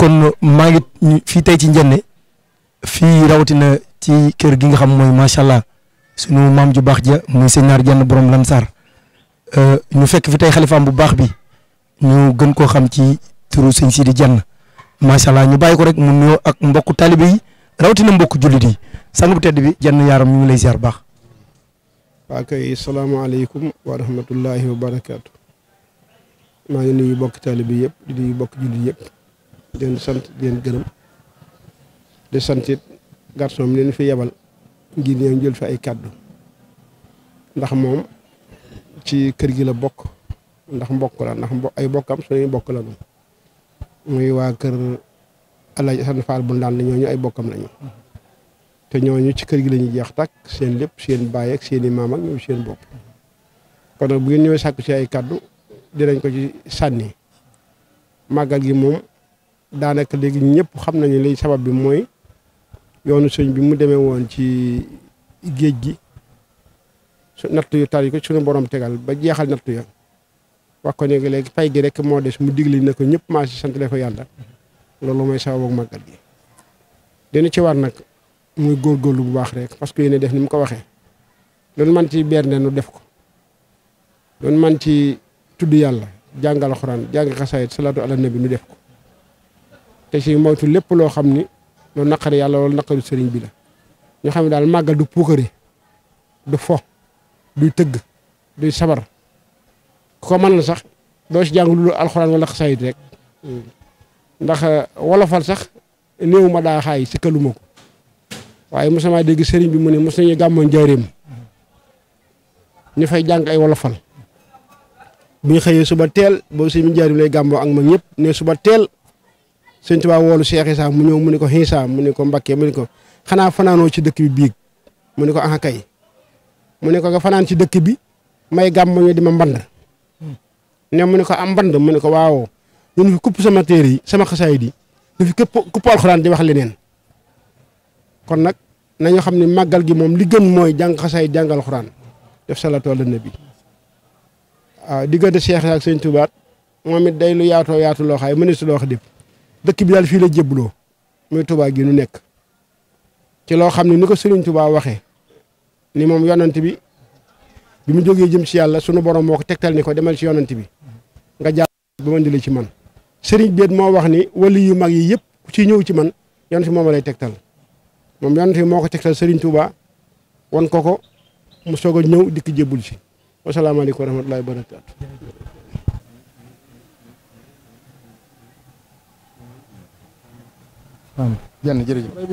kon maa ngi fii tey ci njenne fii rawatina ci kër gi nga xam mooy macha allah sunu maam ju baax ja muy Señaar Jenn borom Lansar euh, ñu fekk fi tey xalifaam bu baax bi ñu gën koo xam ci turu sëñ Sidi Jenn macha allah ñu bàyyi ko rek mu nuyoo ak mbokku taalibe yi rawatina mbokk jullit yi sang bu tedd bi Jenn yaaram ñu ngi lay ziar baax. waa kay salaamaaleykum wa rahmatullahi wa barakaatu. maa ngi nuyu bokk taalibe yëpp di nuyu bokk jullit yëpp. di leen sant di leen gërëm di santit garçon mi fi yabal ngir ñëw jël fi ay cadeau ndax mom ci kër gi la bok ndax mbokk la ndax ay bokkam suñuy bokk la muy wa kër Alaaji Asan Faal bu ndaan ñooñu ay bokkam lañu te ñu ci kër gi lañu jeex tak seen lepp seen baay ak seen imam ak ñoom seen bopp kon bu ñu ñëwee sakku ci ay cadeau di lañ ko ci sanni magal gi mom daanaka léegi ñëpp xam nañu li sabab bi mooy yoonu sëñ bi mu demee woon ci géej gi su natt yu tar yi ko suñu borom tegal ba jeexal natt ya wax ko ne léegi pay gi rek moo des mu digli na ko ñëpp maa si sant ko yàlla loolu mooy sababu ak màggal gi. dina ci war nag muy góor góorgóorlu bu baax rek parce que yéen def ni mu ko waxee loolu man ci beer nu def ko loolu man ci tudd yàlla jàngal xuraan jàng xasaayit salaatu ala bi nu def ko. te si moytu lépp loo xam ni loolu naqari yàlla loolu naqaru sëriñ bi la ñu xam ne daal màggal du puukare du fo du tëgg du sabar ko man na sax doo si jàng lu alxuraan wala xasaayit rek ndax euh, wolofal sax néew ma daa xaay si kaluma ko waaye mos naa dégg sëriñ bi mu ne mos nañu gàmmoon njaareem ñu fay jàng ay wolofal bu ñu xëyee suba teel boobu sëriñ bi njaareem lay gàmmoo ak mag ñëpp ne suba teel seigne touba woolu Cheikh isa mu ñew mu ni ko hisa mu ni ko mbacke mu ni ko xana fanano ci dekk bi biig mu ni ko aha kay mu ni ko nga fanan ci dekk bi may mo ñu dima mband ne mu ni ko am mband mu ni ko waaw ñu fi kupp sama terre yi sama xassay di ñu fi képp kupp alxuraan di wax leneen kon nak nañu xamni magal gi mom li gën moy jang xassay jàng alxuraan def salatu ala nabi Ah, diggante Cheikh ak seigne touba momit day lu yaato yaatu lo xay ministre lo xadi dëkk bi daal fii la jébbaloo muy Touba gi nu nekk ci loo xam ne ni ko Serigne Touba waxee ni moom yonant bi bi mu jógee jëm ci yàlla sunu borom moo ko tegtal ni ko demal si yonant bi nga jàpp ba ma ndile ci man. sëriñ Beet moo wax ni wali yu mag yi yëpp ku ci ñëw ci man yonant bi moom lay tegtal moom yonant bi moo ko tegtal sëriñ Touba wan ko ko mu soog a ñëw dikk jébbul ci wasalaamaaleykum wa rahmatullahi wa barakatu waaw jërëjëf